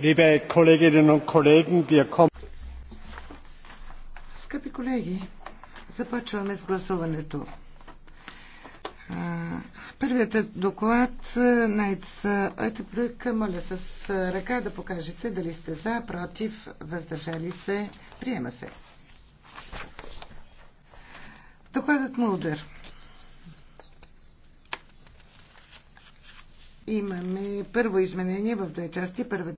Liebe Kolleginnen und Kollegen, wir kommen. Скъпи колеги, започваме с гласуването. Първият е доклад Найц Ойтебрюк. Моля с ръка да покажете дали сте за, против, въздържали се. Приема се. Докладът Мулдър. Имаме първо изменение в две части. Първата